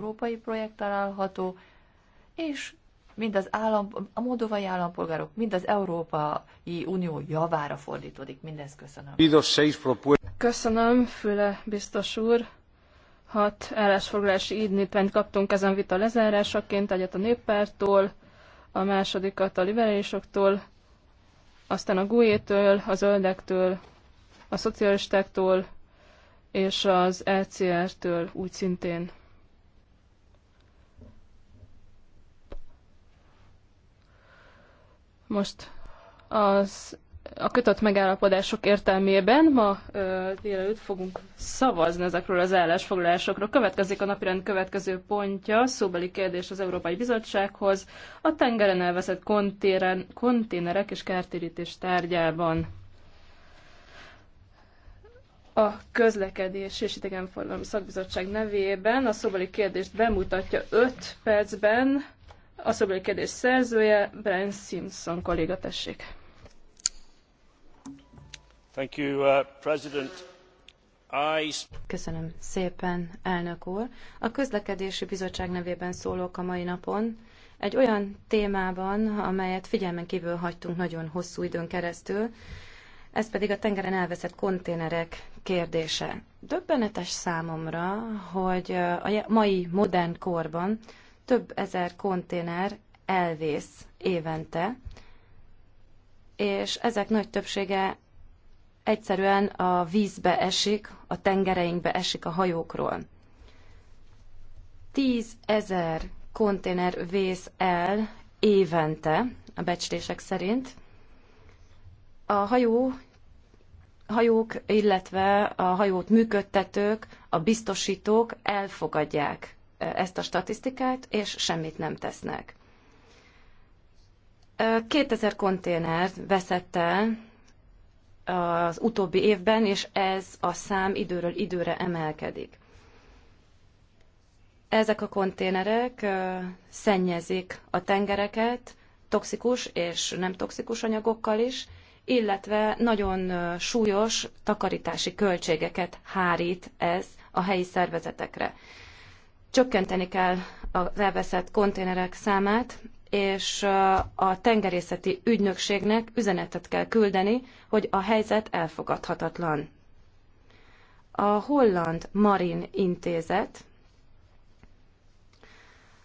európai projekt található, és mind az állam, a moldovai állampolgárok, mind az Európai Unió javára fordítódik. Mindezt köszönöm. Köszönöm, Füle biztos úr. Hat állásfoglalási ídnépent kaptunk ezen vita lezárásaként, egyet a néppártól, a másodikat a liberálisoktól, aztán a GUE-től, a zöldektől, a szocialistáktól és az ECR-től úgy szintén. Most az a kötött megállapodások értelmében ma ö, délelőtt fogunk szavazni ezekről az állásfoglalásokról. Következik a napirend következő pontja, szóbeli kérdés az Európai Bizottsághoz, a tengeren elveszett kontéren, konténerek és kártérítés tárgyában. A közlekedés és idegenforgalmi szakbizottság nevében a szóbeli kérdést bemutatja 5 percben a szobrai szerzője, Brian Simpson kolléga, tessék. Thank you, uh, President. I... Köszönöm szépen, elnök úr. A közlekedési bizottság nevében szólok a mai napon egy olyan témában, amelyet figyelmen kívül hagytunk nagyon hosszú időn keresztül, ez pedig a tengeren elveszett konténerek kérdése. Döbbenetes számomra, hogy uh, a mai modern korban több ezer konténer elvész évente, és ezek nagy többsége egyszerűen a vízbe esik, a tengereinkbe esik a hajókról. Tíz ezer konténer vész el évente, a becslések szerint. A hajó, hajók, illetve a hajót működtetők, a biztosítók elfogadják ezt a statisztikát, és semmit nem tesznek. 2000 konténer veszett el az utóbbi évben, és ez a szám időről időre emelkedik. Ezek a konténerek szennyezik a tengereket toxikus és nem toxikus anyagokkal is, illetve nagyon súlyos takarítási költségeket hárít ez a helyi szervezetekre. Csökkenteni kell az elveszett konténerek számát, és a tengerészeti ügynökségnek üzenetet kell küldeni, hogy a helyzet elfogadhatatlan. A Holland Marin Intézet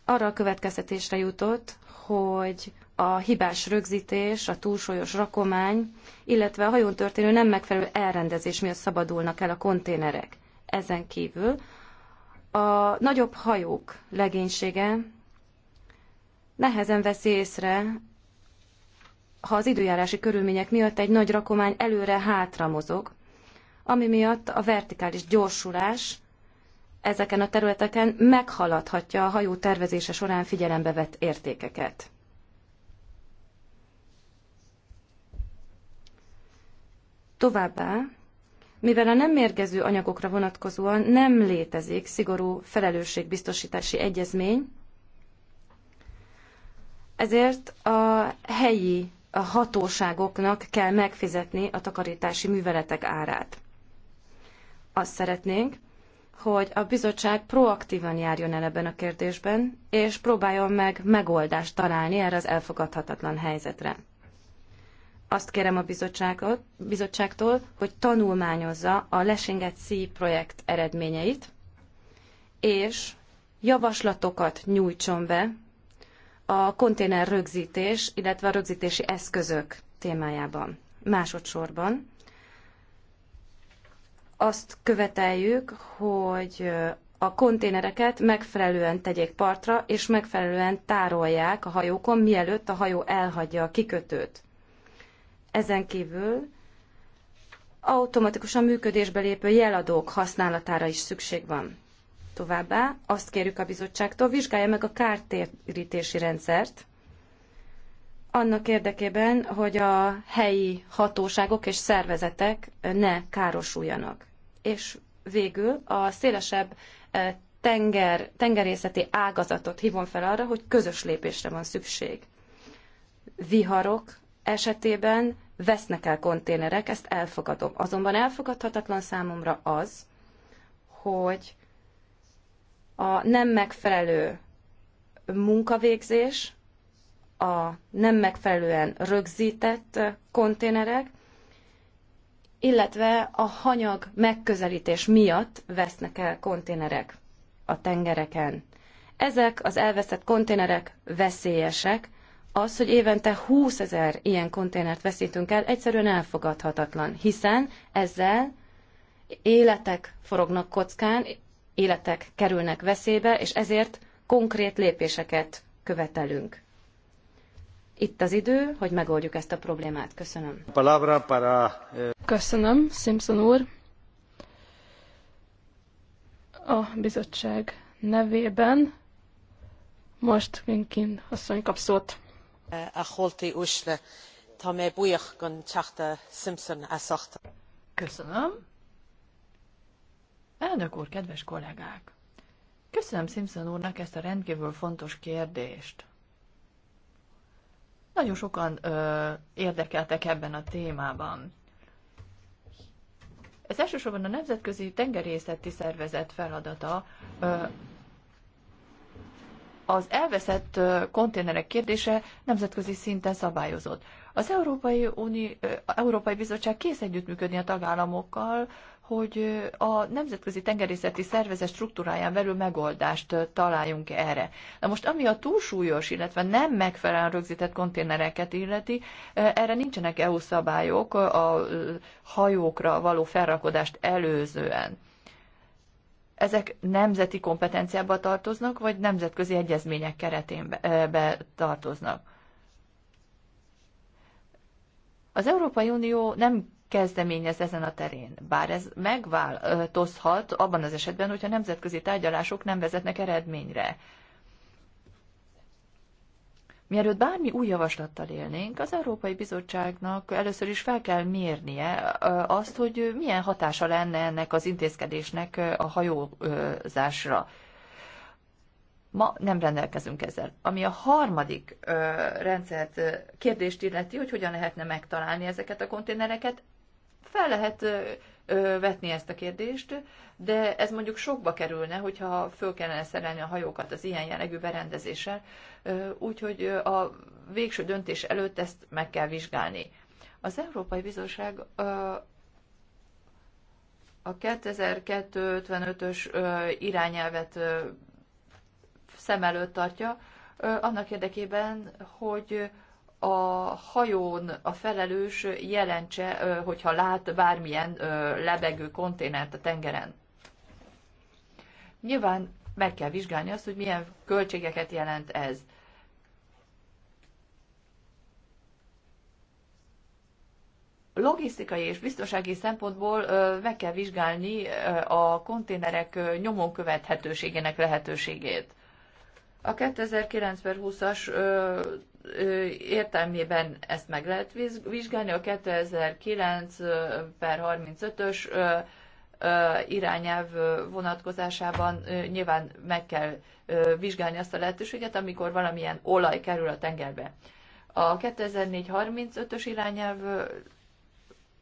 arra a következtetésre jutott, hogy a hibás rögzítés, a túlsúlyos rakomány, illetve a hajón történő nem megfelelő elrendezés miatt szabadulnak el a konténerek. Ezen kívül a nagyobb hajók legénysége nehezen veszi észre, ha az időjárási körülmények miatt egy nagy rakomány előre-hátra mozog, ami miatt a vertikális gyorsulás ezeken a területeken meghaladhatja a hajó tervezése során figyelembe vett értékeket. Továbbá mivel a nem mérgező anyagokra vonatkozóan nem létezik szigorú felelősségbiztosítási egyezmény, ezért a helyi a hatóságoknak kell megfizetni a takarítási műveletek árát. Azt szeretnénk, hogy a bizottság proaktívan járjon el ebben a kérdésben, és próbáljon meg megoldást találni erre az elfogadhatatlan helyzetre azt kérem a bizottságtól, hogy tanulmányozza a Lesinget C projekt eredményeit, és javaslatokat nyújtson be a konténer rögzítés, illetve a rögzítési eszközök témájában. Másodszorban azt követeljük, hogy a konténereket megfelelően tegyék partra, és megfelelően tárolják a hajókon, mielőtt a hajó elhagyja a kikötőt. Ezen kívül automatikusan működésbe lépő jeladók használatára is szükség van. Továbbá azt kérjük a bizottságtól, vizsgálja meg a kártérítési rendszert, annak érdekében, hogy a helyi hatóságok és szervezetek ne károsuljanak. És végül a szélesebb e, tenger, tengerészeti ágazatot hívom fel arra, hogy közös lépésre van szükség. Viharok esetében vesznek el konténerek, ezt elfogadom. Azonban elfogadhatatlan számomra az, hogy a nem megfelelő munkavégzés, a nem megfelelően rögzített konténerek, illetve a hanyag megközelítés miatt vesznek el konténerek a tengereken. Ezek az elveszett konténerek veszélyesek, az, hogy évente 20 ezer ilyen konténert veszítünk el, egyszerűen elfogadhatatlan, hiszen ezzel életek forognak kockán, életek kerülnek veszélybe, és ezért konkrét lépéseket követelünk. Itt az idő, hogy megoldjuk ezt a problémát. Köszönöm. Eh, Köszönöm, Simpson úr. A bizottság nevében most Minkin asszony kap szót a holtaí uaisle tá mé buíoch go teachta simpson as Köszönöm. Elnök úr, kedves kollégák! Köszönöm Simpson úrnak ezt a rendkívül fontos kérdést. Nagyon sokan ö, érdekeltek ebben a témában. Ez elsősorban a Nemzetközi Tengerészeti Szervezet feladata, ö, az elveszett konténerek kérdése nemzetközi szinten szabályozott. Az Európai, Uni, Európai Bizottság kész együttműködni a tagállamokkal, hogy a Nemzetközi Tengerészeti Szervezet struktúráján belül megoldást találjunk erre. Na most, ami a túlsúlyos, illetve nem megfelelően rögzített konténereket illeti, erre nincsenek EU szabályok a hajókra való felrakodást előzően ezek nemzeti kompetenciába tartoznak, vagy nemzetközi egyezmények keretén be, be tartoznak. Az Európai Unió nem kezdeményez ezen a terén, bár ez megváltozhat abban az esetben, hogyha nemzetközi tárgyalások nem vezetnek eredményre. Mielőtt bármi új javaslattal élnénk, az Európai Bizottságnak először is fel kell mérnie azt, hogy milyen hatása lenne ennek az intézkedésnek a hajózásra. Ma nem rendelkezünk ezzel. Ami a harmadik ö, rendszert ö, kérdést illeti, hogy hogyan lehetne megtalálni ezeket a konténereket, fel lehet ö, vetni ezt a kérdést, de ez mondjuk sokba kerülne, hogyha föl kellene szerelni a hajókat az ilyen jellegű berendezéssel, úgyhogy a végső döntés előtt ezt meg kell vizsgálni. Az Európai Bizottság a 2255-ös irányelvet szem előtt tartja, annak érdekében, hogy a hajón a felelős jelentse, hogyha lát bármilyen lebegő konténert a tengeren. Nyilván meg kell vizsgálni azt, hogy milyen költségeket jelent ez. Logisztikai és biztonsági szempontból meg kell vizsgálni a konténerek nyomon követhetőségének lehetőségét. A 2009-20-as értelmében ezt meg lehet vizsgálni, a 2009 35-ös irányelv vonatkozásában nyilván meg kell vizsgálni azt a lehetőséget, amikor valamilyen olaj kerül a tengerbe. A 2004-35-ös irányelv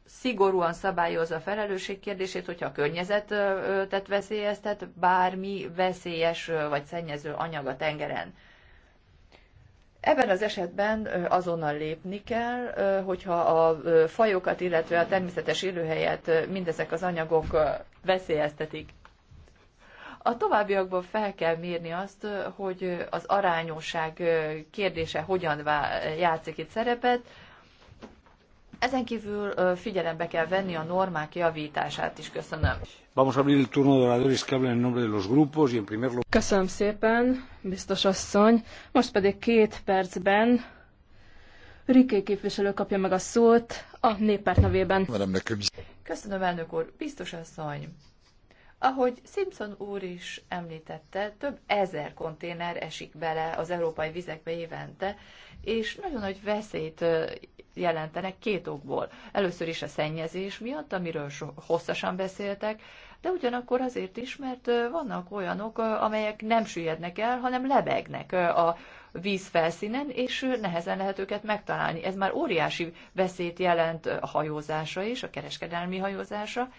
szigorúan szabályozza a felelősség kérdését, hogyha a környezetet veszélyeztet, bármi veszélyes vagy szennyező anyag a tengeren. Ebben az esetben azonnal lépni kell, hogyha a fajokat, illetve a természetes élőhelyet mindezek az anyagok veszélyeztetik. A továbbiakban fel kell mérni azt, hogy az arányosság kérdése hogyan játszik itt szerepet, ezen kívül figyelembe kell venni a normák javítását is. Köszönöm. Vamos a abrir el turno de oradores que hablan en nombre de los grupos y en primer lugar... Köszönöm szépen, biztos asszony. Most pedig két percben Riké képviselő kapja meg a szót a néppárt nevében. Köszönöm, elnök úr. Biztos asszony. Ahogy Simpson úr is említette, több ezer konténer esik bele az európai vizekbe évente, és nagyon nagy veszélyt jelentenek két okból. Először is a szennyezés miatt, amiről hosszasan beszéltek, de ugyanakkor azért is, mert vannak olyanok, amelyek nem süllyednek el, hanem lebegnek a vízfelszínen, és nehezen lehet őket megtalálni. Ez már óriási veszélyt jelent a hajózásra is, a kereskedelmi hajózásra,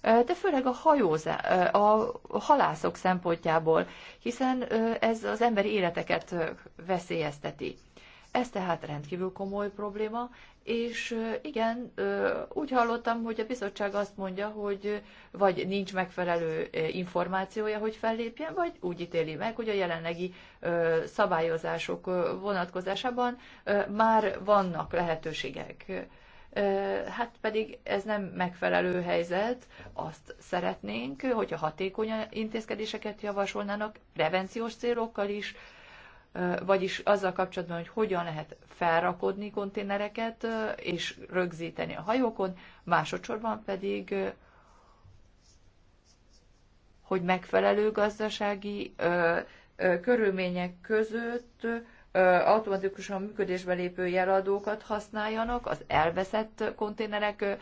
de főleg a, hajózá, a halászok szempontjából, hiszen ez az emberi életeket veszélyezteti. Ez tehát rendkívül komoly probléma, és igen, úgy hallottam, hogy a bizottság azt mondja, hogy vagy nincs megfelelő információja, hogy fellépjen, vagy úgy ítéli meg, hogy a jelenlegi szabályozások vonatkozásában már vannak lehetőségek. Hát pedig ez nem megfelelő helyzet, azt szeretnénk, hogyha hatékony intézkedéseket javasolnának, prevenciós célokkal is, vagyis azzal kapcsolatban, hogy hogyan lehet felrakodni konténereket és rögzíteni a hajókon, másodszorban pedig hogy megfelelő gazdasági körülmények között automatikusan működésbe lépő jeladókat használjanak az elveszett konténerek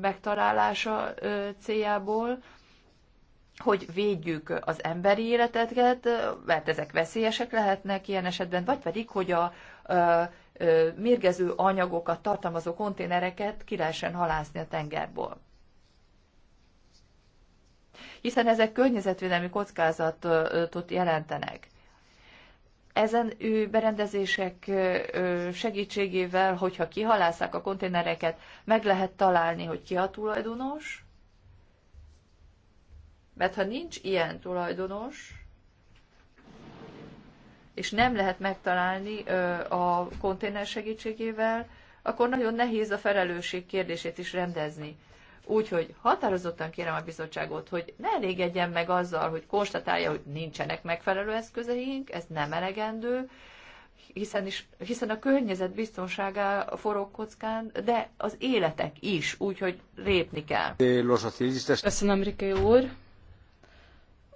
megtalálása céljából, hogy védjük az emberi életeket, mert ezek veszélyesek lehetnek ilyen esetben, vagy pedig, hogy a, a mérgező anyagokat tartalmazó konténereket ki lehessen halászni a tengerből. Hiszen ezek környezetvédelmi kockázatot jelentenek. Ezen ő berendezések segítségével, hogyha kihalászák a konténereket, meg lehet találni, hogy ki a tulajdonos, mert ha nincs ilyen tulajdonos, és nem lehet megtalálni a konténer segítségével, akkor nagyon nehéz a felelősség kérdését is rendezni. Úgyhogy határozottan kérem a bizottságot, hogy ne elégedjen meg azzal, hogy konstatálja, hogy nincsenek megfelelő eszközeink, ez nem elegendő, hiszen, is, hiszen a környezet biztonsága forog kockán, de az életek is, úgyhogy lépni kell. Köszönöm, Rike úr.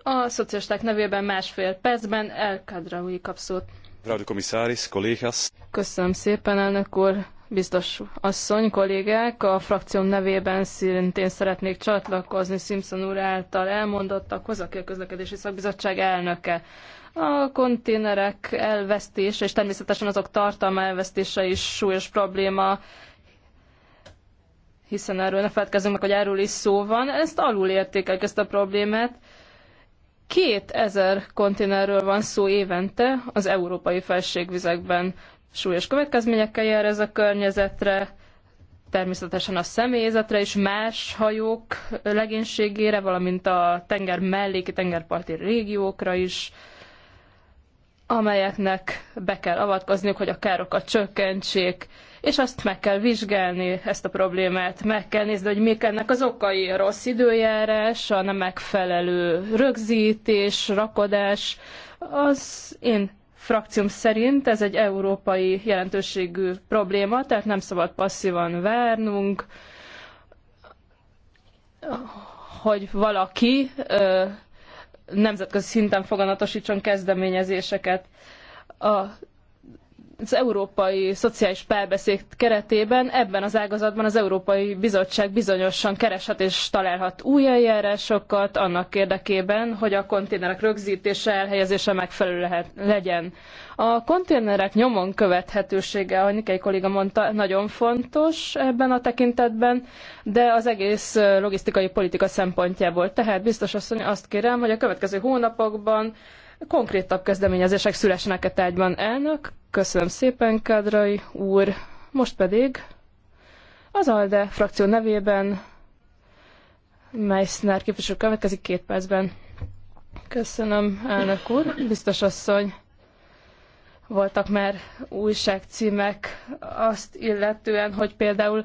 A szocialisták nevében másfél percben El Kadraui kap Köszönöm szépen, elnök úr, biztos asszony, kollégák. A frakcióm nevében szintén szeretnék csatlakozni Simpson úr által elmondottakhoz, aki a közlekedési szakbizottság elnöke. A konténerek elvesztése és természetesen azok tartalma elvesztése is súlyos probléma, hiszen erről ne feledkezzünk meg, hogy erről is szó van. Ezt alul értékelik ezt a problémát 2000 konténerről van szó évente az európai felségvizekben. Súlyos következményekkel jár ez a környezetre, természetesen a személyzetre és más hajók legénységére, valamint a tenger melléki tengerparti régiókra is amelyeknek be kell avatkozniuk, hogy a károkat csökkentsék, és azt meg kell vizsgálni, ezt a problémát, meg kell nézni, hogy mik ennek az okai, a rossz időjárás, a nem megfelelő rögzítés, rakodás. Az én frakcióm szerint ez egy európai jelentőségű probléma, tehát nem szabad passzívan várnunk, hogy valaki nemzetközi szinten foganatosítson kezdeményezéseket. A az európai szociális párbeszéd keretében ebben az ágazatban az Európai Bizottság bizonyosan kereshet és találhat új eljárásokat annak érdekében, hogy a konténerek rögzítése, elhelyezése megfelelő lehet, legyen. A konténerek nyomon követhetősége, ahogy Nikei kolléga mondta, nagyon fontos ebben a tekintetben, de az egész logisztikai politika szempontjából. Tehát biztos asszony azt kérem, hogy a következő hónapokban konkrétabb kezdeményezések szülessenek e tárgyban. Elnök, köszönöm szépen, Kadrai úr. Most pedig az ALDE frakció nevében Meissner képviselő következik két percben. Köszönöm, elnök úr, biztos asszony voltak már újságcímek azt illetően, hogy például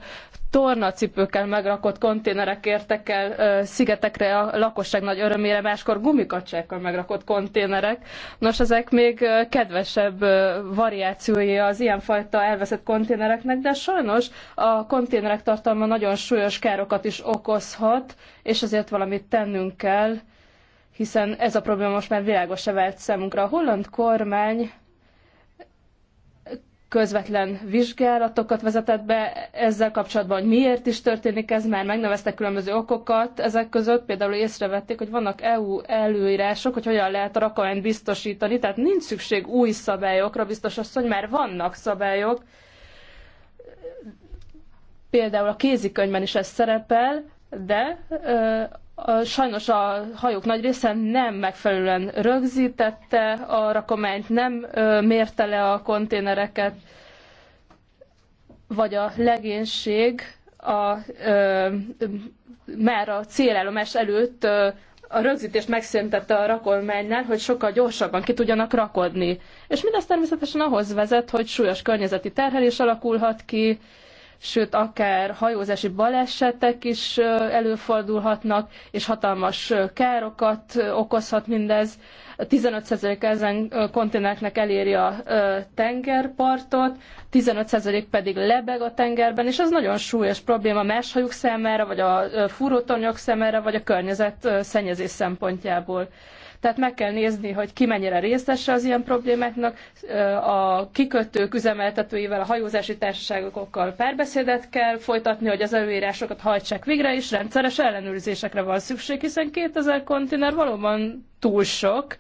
tornacipőkkel megrakott konténerek értek el szigetekre a lakosság nagy örömére, máskor gumikacsákkal megrakott konténerek. Nos, ezek még kedvesebb variációi az ilyenfajta elveszett konténereknek, de sajnos a konténerek tartalma nagyon súlyos károkat is okozhat, és ezért valamit tennünk kell, hiszen ez a probléma most már világos vált számunkra. A holland kormány közvetlen vizsgálatokat vezetett be ezzel kapcsolatban, hogy miért is történik ez, már megneveztek különböző okokat ezek között, például észrevették, hogy vannak EU előírások, hogy hogyan lehet a rakományt biztosítani, tehát nincs szükség új szabályokra, biztos azt, hogy már vannak szabályok, például a kézikönyvben is ez szerepel, de Sajnos a hajók nagy része nem megfelelően rögzítette a rakományt, nem mérte le a konténereket, vagy a legénység a, már a célállomás előtt a rögzítést megszüntette a rakománynál, hogy sokkal gyorsabban ki tudjanak rakodni. És mindez természetesen ahhoz vezet, hogy súlyos környezeti terhelés alakulhat ki, sőt akár hajózási balesetek is előfordulhatnak, és hatalmas károkat okozhat mindez. 15% ezen konténereknek eléri a tengerpartot, 15% pedig lebeg a tengerben, és ez nagyon súlyos probléma más hajók számára, vagy a fúrótornyok számára, vagy a környezet szennyezés szempontjából. Tehát meg kell nézni, hogy ki mennyire részese az ilyen problémáknak, a kikötők üzemeltetőivel, a hajózási társaságokkal párbeszédet kell folytatni, hogy az előírásokat hajtsák végre, és rendszeres ellenőrzésekre van szükség, hiszen 2000 konténer valóban túl sok,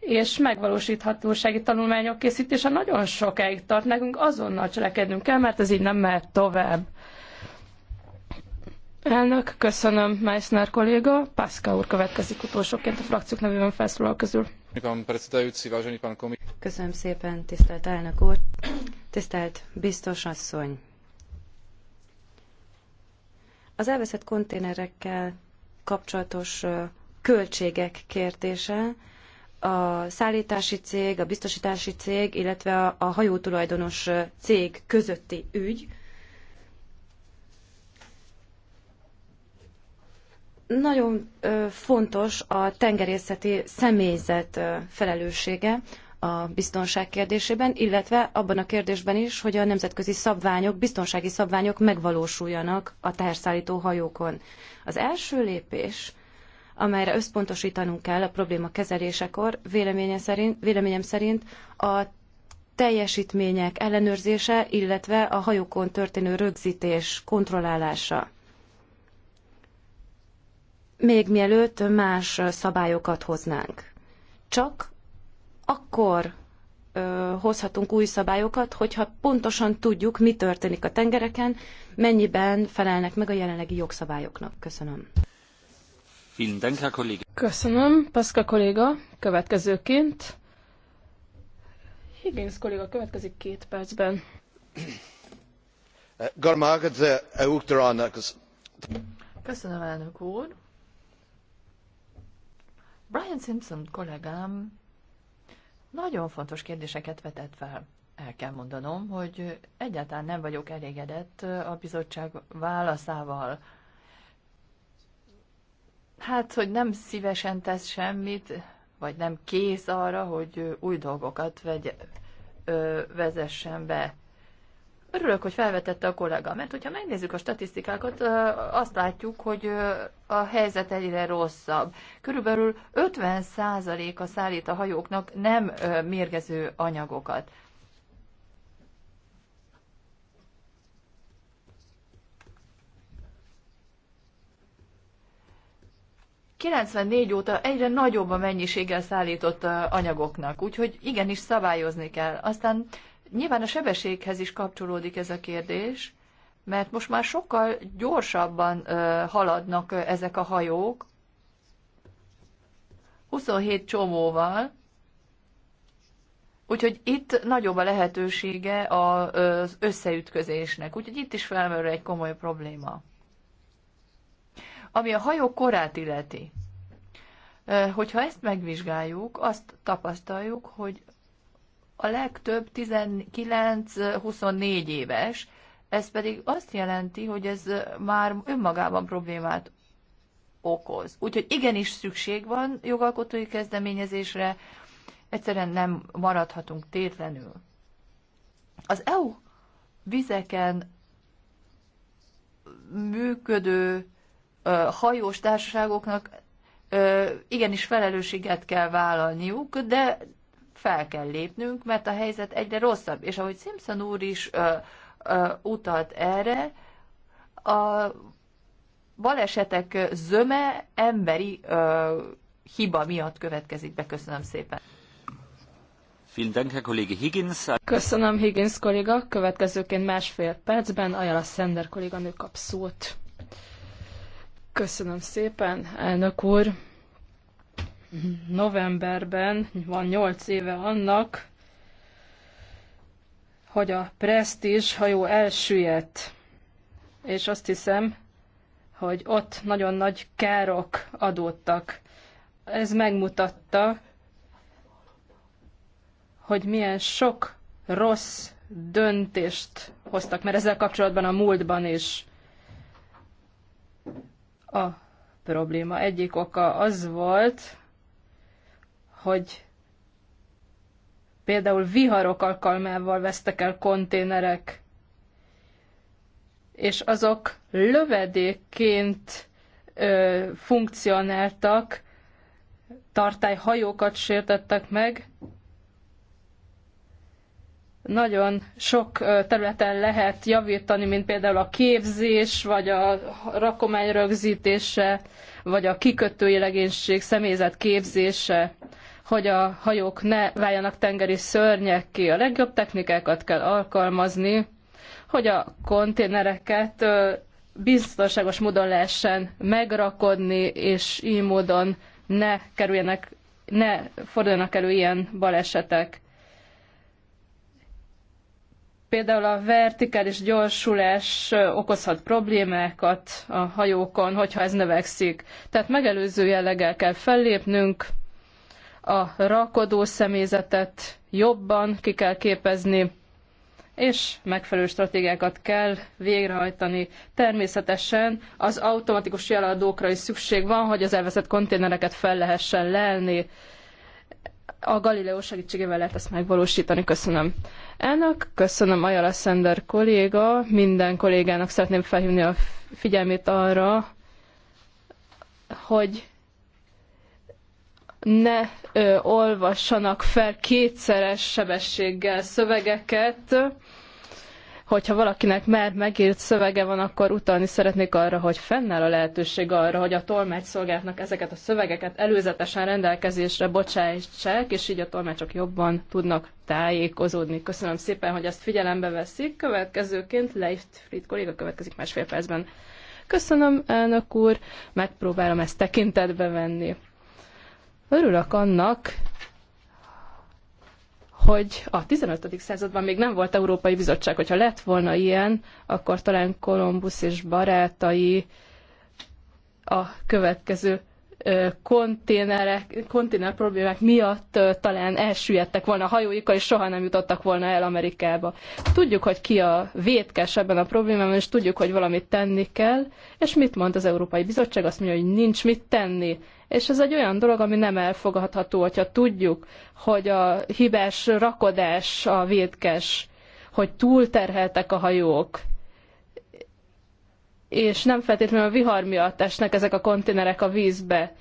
és megvalósíthatósági tanulmányok készítése nagyon sokáig tart, nekünk azonnal cselekednünk kell, mert ez így nem mehet tovább. Elnök, köszönöm Meissner kolléga. Pászka úr következik utolsóként a frakciók nevében felszólal közül. Köszönöm szépen, tisztelt elnök úr, tisztelt biztos asszony. Az elveszett konténerekkel kapcsolatos költségek kérdése a szállítási cég, a biztosítási cég, illetve a, a tulajdonos cég közötti ügy, Nagyon fontos a tengerészeti személyzet felelőssége a biztonság kérdésében, illetve abban a kérdésben is, hogy a nemzetközi szabványok, biztonsági szabványok megvalósuljanak a teherszállító hajókon. Az első lépés, amelyre összpontosítanunk kell a probléma kezelésekor, véleményem szerint, véleményem szerint a teljesítmények ellenőrzése, illetve a hajókon történő rögzítés kontrollálása még mielőtt más szabályokat hoznánk. Csak akkor ö, hozhatunk új szabályokat, hogyha pontosan tudjuk, mi történik a tengereken, mennyiben felelnek meg a jelenlegi jogszabályoknak. Köszönöm. Köszönöm, Paszka kolléga. Következőként Higgins kolléga következik két percben. Köszönöm, elnök úr. Brian Simpson kollégám nagyon fontos kérdéseket vetett fel. El kell mondanom, hogy egyáltalán nem vagyok elégedett a bizottság válaszával. Hát, hogy nem szívesen tesz semmit, vagy nem kész arra, hogy új dolgokat vegy, ö, vezessen be. Örülök, hogy felvetette a kollega, mert hogyha megnézzük a statisztikákat, azt látjuk, hogy a helyzet egyre rosszabb. Körülbelül 50%-a szállít a hajóknak nem mérgező anyagokat. ...94 óta egyre nagyobb a mennyiséggel szállított anyagoknak, úgyhogy igenis szabályozni kell. Aztán Nyilván a sebességhez is kapcsolódik ez a kérdés, mert most már sokkal gyorsabban haladnak ezek a hajók, 27 csomóval, úgyhogy itt nagyobb a lehetősége az összeütközésnek, úgyhogy itt is felmerül egy komoly probléma. Ami a hajó korát illeti, hogyha ezt megvizsgáljuk, azt tapasztaljuk, hogy a legtöbb 19-24 éves, ez pedig azt jelenti, hogy ez már önmagában problémát okoz. Úgyhogy igenis szükség van jogalkotói kezdeményezésre, egyszerűen nem maradhatunk tétlenül. Az EU vizeken működő hajós társaságoknak igenis felelősséget kell vállalniuk, de fel kell lépnünk, mert a helyzet egyre rosszabb. És ahogy Simpson úr is ö, ö, utalt erre, a balesetek zöme emberi ö, hiba miatt következik be. Köszönöm szépen. Köszönöm, Higgins kolléga. Következőként másfél percben Ajala Szender kolléganő kap szót. Köszönöm szépen, elnök úr novemberben van 8 éve annak, hogy a presztízs hajó elsüllyedt. És azt hiszem, hogy ott nagyon nagy károk adódtak. Ez megmutatta, hogy milyen sok rossz döntést hoztak, mert ezzel kapcsolatban a múltban is a probléma egyik oka az volt, hogy például viharok alkalmával vesztek el konténerek, és azok lövedékként ö, funkcionáltak, tartályhajókat sértettek meg, nagyon sok területen lehet javítani, mint például a képzés, vagy a rakomány rögzítése, vagy a kikötői legénység személyzet képzése, hogy a hajók ne váljanak tengeri szörnyekké. A legjobb technikákat kell alkalmazni, hogy a konténereket biztonságos módon lehessen megrakodni, és így módon ne kerüljenek, ne forduljanak elő ilyen balesetek Például a vertikális gyorsulás okozhat problémákat a hajókon, hogyha ez növekszik. Tehát megelőző jelleggel kell fellépnünk, a rakodó személyzetet jobban ki kell képezni, és megfelelő stratégiákat kell végrehajtani. Természetesen az automatikus jeladókra is szükség van, hogy az elveszett konténereket fel lehessen lelni a Galileo segítségével lehet ezt megvalósítani. Köszönöm. Elnök, köszönöm Ayala Szender kolléga. Minden kollégának szeretném felhívni a figyelmét arra, hogy ne ö, olvassanak fel kétszeres sebességgel szövegeket, hogyha valakinek már megírt szövege van, akkor utalni szeretnék arra, hogy fennáll a lehetőség arra, hogy a tolmácsszolgálatnak ezeket a szövegeket előzetesen rendelkezésre bocsájtsák, és így a tolmácsok jobban tudnak tájékozódni. Köszönöm szépen, hogy ezt figyelembe veszik. Következőként Leif Fried kolléga következik másfél percben. Köszönöm, elnök úr, megpróbálom ezt tekintetbe venni. Örülök annak, hogy a 15. században még nem volt Európai Bizottság. Hogyha lett volna ilyen, akkor talán Kolumbusz és barátai a következő konténerek, konténer problémák miatt talán elsüllyedtek volna a hajóikkal, és soha nem jutottak volna el Amerikába. Tudjuk, hogy ki a vétkes ebben a problémában, és tudjuk, hogy valamit tenni kell, és mit mond az Európai Bizottság? Azt mondja, hogy nincs mit tenni. És ez egy olyan dolog, ami nem elfogadható, hogyha tudjuk, hogy a hibás rakodás, a vétkes, hogy túlterheltek a hajók, és nem feltétlenül a vihar miatt esnek ezek a konténerek a vízbe.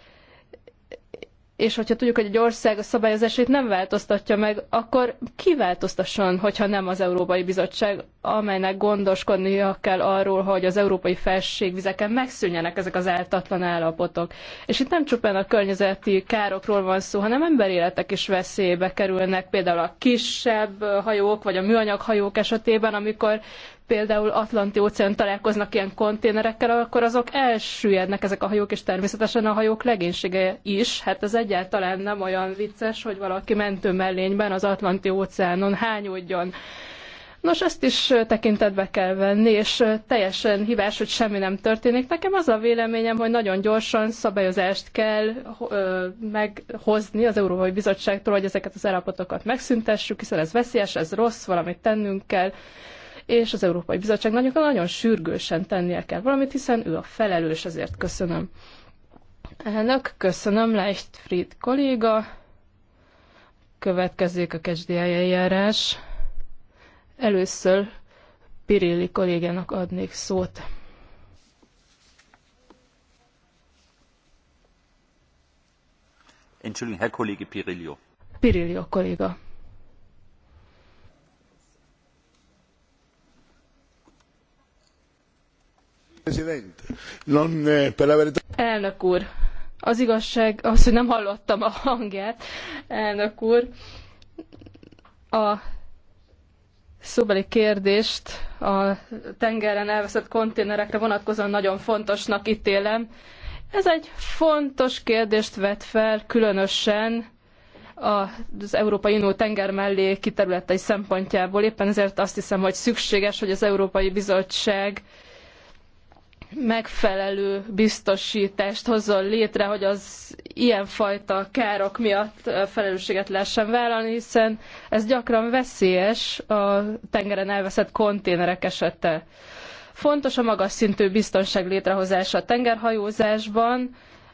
És hogyha tudjuk, hogy egy ország a szabályozásait nem változtatja meg, akkor ki változtasson, hogyha nem az Európai Bizottság, amelynek gondoskodnia kell arról, hogy az európai felségvizeken megszűnjenek ezek az ártatlan állapotok. És itt nem csupán a környezeti károkról van szó, hanem emberéletek is veszélybe kerülnek, például a kisebb hajók, vagy a műanyag hajók esetében, amikor például Atlanti óceán találkoznak ilyen konténerekkel, akkor azok elsüllyednek ezek a hajók, és természetesen a hajók legénysége is. Hát ez egyáltalán nem olyan vicces, hogy valaki mentő mellényben az Atlanti óceánon hányódjon. Nos, ezt is tekintetbe kell venni, és teljesen hibás, hogy semmi nem történik. Nekem az a véleményem, hogy nagyon gyorsan szabályozást kell ö, meghozni az Európai Bizottságtól, hogy ezeket az állapotokat megszüntessük, hiszen ez veszélyes, ez rossz, valamit tennünk kell és az Európai Bizottság nagyon, nagyon sürgősen tennie kell valamit, hiszen ő a felelős, ezért köszönöm. Elnök, köszönöm, Leichtfried kolléga. Következzék a kezdi eljárás. Először Pirilli kollégának adnék szót. Entschuldigung, Herr Kollege Pirillo. Pirillo kolléga. Eh, elnök úr, az igazság az, hogy nem hallottam a hangját, elnök úr. A szóbeli kérdést a tengeren elveszett konténerekre vonatkozóan nagyon fontosnak ítélem. Ez egy fontos kérdést vet fel, különösen az Európai Unió tenger mellé kiterületei szempontjából. Éppen ezért azt hiszem, hogy szükséges, hogy az Európai Bizottság megfelelő biztosítást hozzon létre, hogy az ilyenfajta károk miatt felelősséget lehessen vállalni, hiszen ez gyakran veszélyes a tengeren elveszett konténerek esete. Fontos a magas szintű biztonság létrehozása a tengerhajózásban,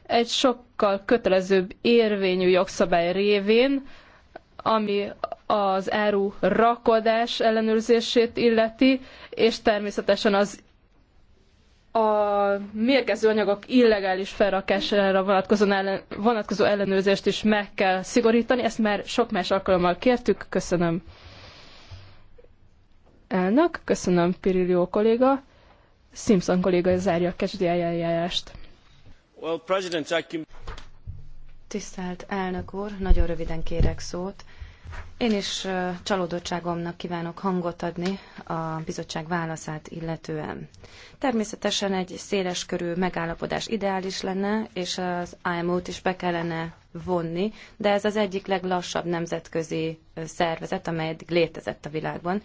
egy sokkal kötelezőbb érvényű jogszabály révén, ami az áru rakodás ellenőrzését illeti, és természetesen az a mérgező anyagok illegális felrakására vonatkozó, ellen, vonatkozó ellenőrzést is meg kell szigorítani. Ezt már sok más alkalommal kértük. Köszönöm elnök, köszönöm Pirillió kolléga. Simpson kolléga zárja a kezdi eljárást. Well, President, I can... Tisztelt elnök úr, nagyon röviden kérek szót. Én is csalódottságomnak kívánok hangot adni a bizottság válaszát illetően. Természetesen egy széles körű megállapodás ideális lenne, és az IMO-t is be kellene vonni, de ez az egyik leglassabb nemzetközi szervezet, amely eddig létezett a világban.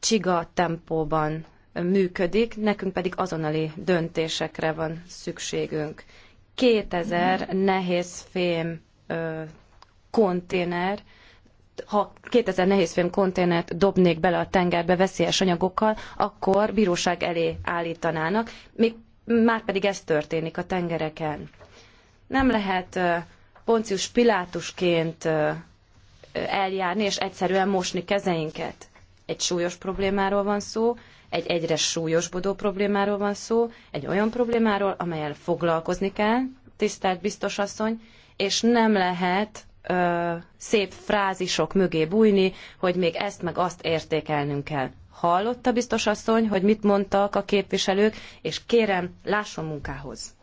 Csiga tempóban működik, nekünk pedig azonnali döntésekre van szükségünk. 2000 nehéz fém konténer, ha 2000 nehézfém konténert dobnék bele a tengerbe veszélyes anyagokkal, akkor bíróság elé állítanának, még már pedig ez történik a tengereken. Nem lehet Poncius Pilátusként eljárni és egyszerűen mosni kezeinket. Egy súlyos problémáról van szó, egy egyre súlyosbodó problémáról van szó, egy olyan problémáról, amelyel foglalkozni kell, tisztelt biztos asszony, és nem lehet ö, szép frázisok mögé bújni, hogy még ezt meg azt értékelnünk kell. Hallotta biztos asszony, hogy mit mondtak a képviselők, és kérem, lásson munkához.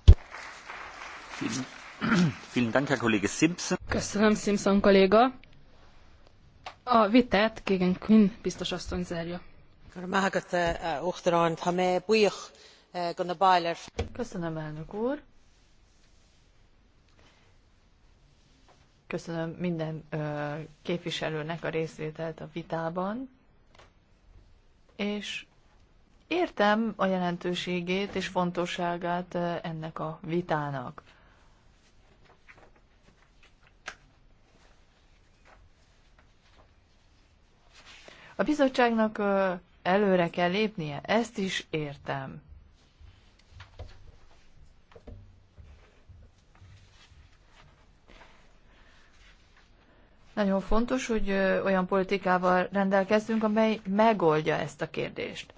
Köszönöm, Simpson kolléga. A vitát Kégen Quinn biztos asszony zárja. Köszönöm, elnök úr. Köszönöm minden képviselőnek a részvételt a vitában, és értem a jelentőségét és fontosságát ennek a vitának. A bizottságnak előre kell lépnie, ezt is értem. Nagyon fontos, hogy olyan politikával rendelkezzünk, amely megoldja ezt a kérdést.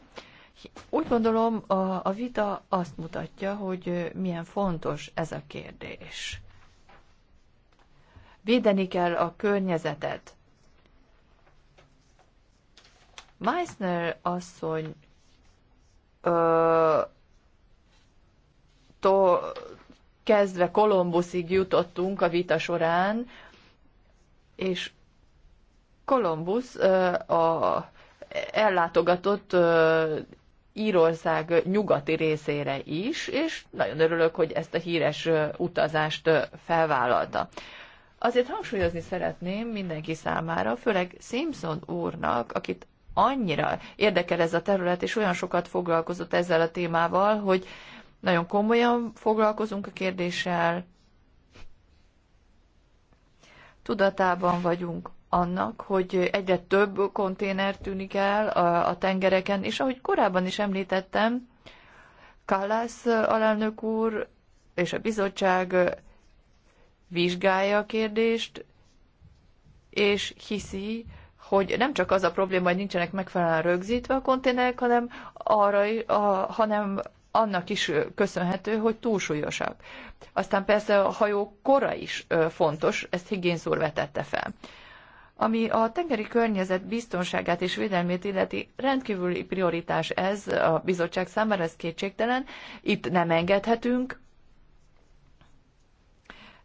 Úgy gondolom, a, a vita azt mutatja, hogy milyen fontos ez a kérdés. Védeni kell a környezetet. Meissner asszony ö, to, kezdve Kolumbuszig jutottunk a vita során, és Kolumbusz a, ellátogatott Írország nyugati részére is, és nagyon örülök, hogy ezt a híres utazást felvállalta. Azért hangsúlyozni szeretném mindenki számára, főleg Simpson úrnak, akit annyira érdekel ez a terület, és olyan sokat foglalkozott ezzel a témával, hogy nagyon komolyan foglalkozunk a kérdéssel, Tudatában vagyunk annak, hogy egyre több konténer tűnik el a, a tengereken, és ahogy korábban is említettem, Kallász alelnök úr és a bizottság vizsgálja a kérdést, és hiszi, hogy nem csak az a probléma, hogy nincsenek megfelelően rögzítve a konténerek, hanem, arra, a, hanem annak is köszönhető, hogy túlsúlyosak. Aztán persze a hajó kora is fontos, ezt Higgins úr vetette fel. Ami a tengeri környezet biztonságát és védelmét illeti, rendkívüli prioritás ez a bizottság számára, ez kétségtelen. Itt nem engedhetünk.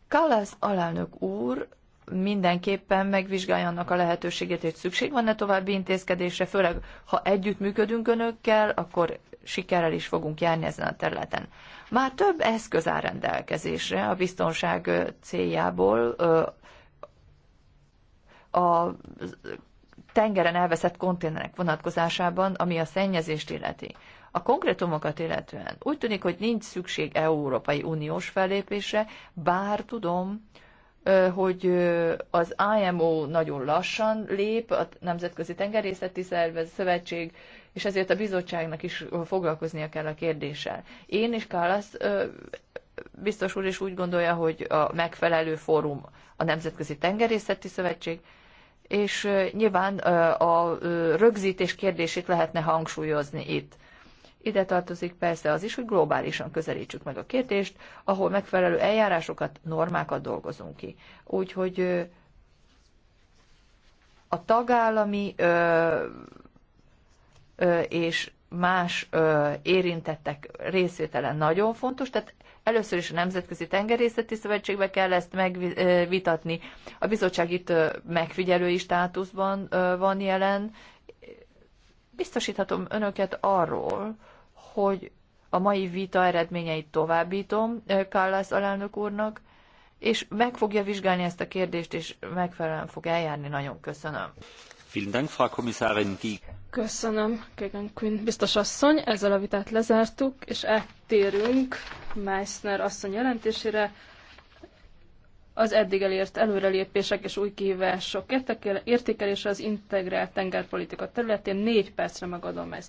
Kallász alelnök úr mindenképpen megvizsgálja annak a lehetőségét, hogy szükség van-e további intézkedésre, főleg ha együttműködünk önökkel, akkor sikerrel is fogunk járni ezen a területen. Már több eszköz áll rendelkezésre a biztonság céljából a tengeren elveszett konténerek vonatkozásában, ami a szennyezést illeti. A konkrétumokat illetően úgy tűnik, hogy nincs szükség Európai Uniós fellépésre, bár tudom, hogy az IMO nagyon lassan lép, a Nemzetközi Tengerészeti Szervez Szövetség és ezért a bizottságnak is foglalkoznia kell a kérdéssel. Én és Kálasz biztos úr is úgy gondolja, hogy a megfelelő fórum a Nemzetközi Tengerészeti Szövetség, és nyilván a rögzítés kérdését lehetne hangsúlyozni itt. Ide tartozik persze az is, hogy globálisan közelítsük meg a kérdést, ahol megfelelő eljárásokat, normákat dolgozunk ki. Úgyhogy a tagállami és más érintettek részvétele nagyon fontos, tehát először is a Nemzetközi Tengerészeti Szövetségbe kell ezt megvitatni. A bizottság itt megfigyelői státuszban van jelen. Biztosíthatom önöket arról, hogy a mai vita eredményeit továbbítom Kállász alelnök úrnak, és meg fogja vizsgálni ezt a kérdést, és megfelelően fog eljárni. Nagyon köszönöm. Köszönöm, Kegan Quinn biztos asszony. Ezzel a vitát lezártuk, és áttérünk Meissner asszony jelentésére. Az eddig elért előrelépések és új kihívások értékelése az integrált tengerpolitika területén. Négy percre megadom ezt.